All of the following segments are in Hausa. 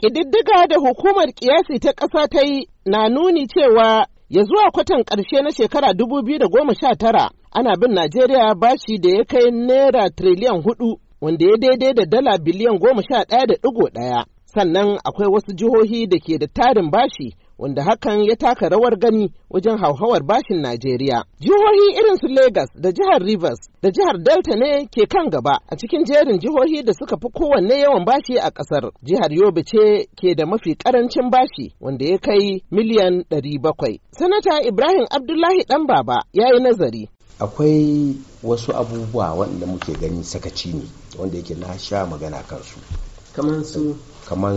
Ƙididdiga da hukumar ƙiyasi ta ƙasa ta yi na nuni cewa ya zuwa kwatan ƙarshe na shekara dubu biyu da goma sha tara. ana bin Najeriya bashi da ya kai naira triliyan hudu wanda ya daidai da dala biliyan goma sha ɗaya da ɗigo ɗaya. Sannan akwai wasu jihohi da ke da tarin bashi wanda hakan ya taka rawar gani wajen hauhawar bashin Najeriya. Jihohi irin su Legas da jihar Rivers da jihar Delta ne ke kan gaba a cikin jerin jihohi da suka fi kowanne yawan bashi a ƙasar. Jihar Yobe ce ke da mafi ƙarancin bashi wanda ya kai miliyan ɗari bakwai. Sanata Ibrahim Abdullahi ɗan baba ya yi nazari. Akwai wasu abubuwa wanda muke gani sakaci ne wanda yake na sha magana kansu. su?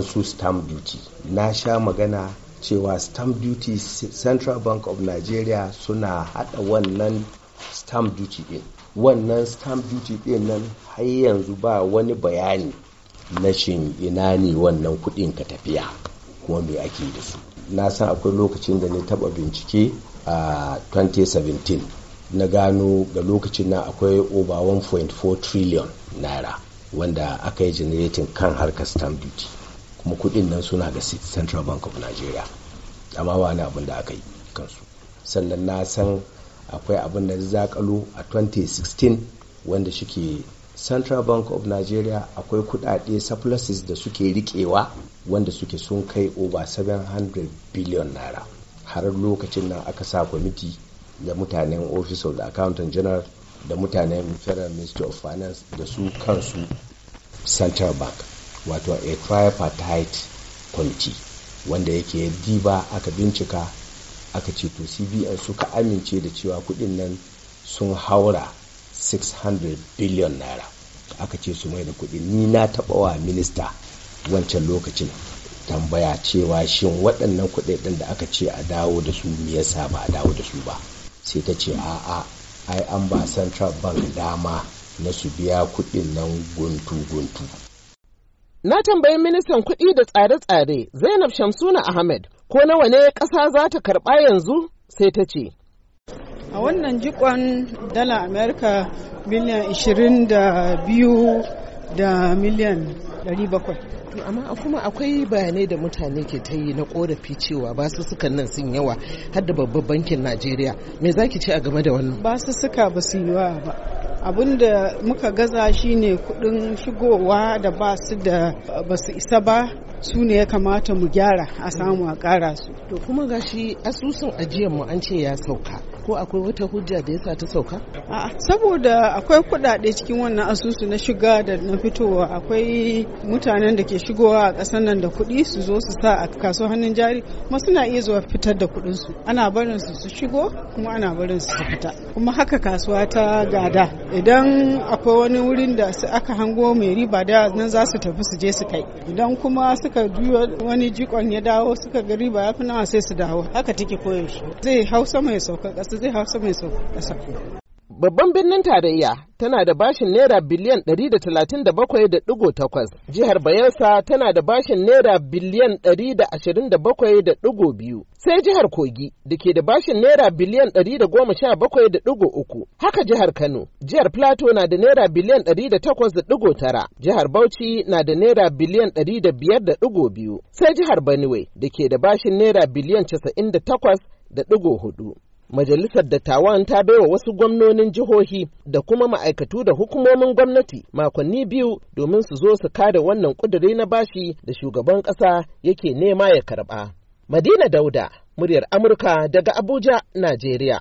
su stamp duty. Na sha magana cewa stamp duty central bank of nigeria suna hada wannan stamp duty din wannan stamp duty din nan har yanzu ba wani bayani na shin ina ne wannan kudin ka tafiya kuma me ake da su na san akwai lokacin da na taba bincike a 2017 na gano ga lokacin nan akwai over 1.4 trillion naira wanda aka yi generating kan harkar stamp duty kuma kuɗin nan suna ga central bank of nigeria amma ba wani abin da aka yi kansu sannan na san akwai abin da zakalo a 2016 wanda ke central bank of nigeria akwai kudade surpluses da suke rikewa wanda suke sun kai over 700 billion naira har lokacin nan aka sa kwamiti da mutanen office of the accountant general da mutanen federal ministry of finance da su kansu central bank wato a tripartite committee wanda yake diba aka bincika aka ce to cbn suka amince da cewa kudin nan sun haura 600 billion naira aka ce su mai da kudi ni na taba wa minista wancan lokacin tambaya cewa shin waɗannan kudaden da aka ce a dawo da su me yasa ba a dawo da su ba sai ta ce a'a ai an ba central bank dama na su biya kudin nan guntu-guntu Na tambayi ministan kuɗi da tsare-tsare Zainab Shamsuna Ahmed ko nawa ne ƙasa za ta karɓa yanzu sai ta ce. A wannan jikon dala Amerika miliyan 22 da miliyan 700. to amma kuma akwai bayanai da mutane ke ta yi na korafi cewa suka nan sun yawa har da babban bankin najeriya me zaki ce a game da wannan suka ba su yi wa ba abin da muka gaza shine kudin shigowa da ba su da ba su isa ba su ne ya kamata mu gyara a samu a kara su to kuma gashi asusun ajiyar mu an ce ya sauka ko akwai wata hujja da yasa ta sauka a'a saboda akwai kuɗaɗe cikin wannan asusu na shiga da na fitowa akwai mutanen da ke shigowa a ƙasar nan da kuɗi su zo su sa a kaso hannun jari kuma suna iya zuwa fitar da kuɗin su ana barin su su shigo kuma ana barin su su fita kuma haka kasuwa ta gada idan akwai wani wurin da su aka hango mai riba da nan za su tafi su je su kai idan kuma suka juyo wani jikon ya dawo suka ga riba ya fi nawa sai su dawo haka take koyaushe zai hausa mai sauka ƙasa da zai hausa mai sau ƙasa. Babban birnin tarayya tana da bashin naira biliyan 137.8 jihar bayelsa tana da bashin naira biliyan 127.2 sai jihar kogi da ke da bashin naira biliyan 117.3 haka jihar kano jihar plateau na da naira biliyan 108.9 jihar bauchi na da naira biliyan 105.2 sai jihar benue da ke da bashin naira biliyan 98.4 majalisar dattawan ta baiwa wasu gwamnonin jihohi da kuma ma'aikatu da hukumomin gwamnati makonni biyu domin su zo su kare wannan kuduri na bashi da shugaban ƙasa yake nema ya karɓa. Madina Dauda, muryar Amurka daga Abuja, Najeriya.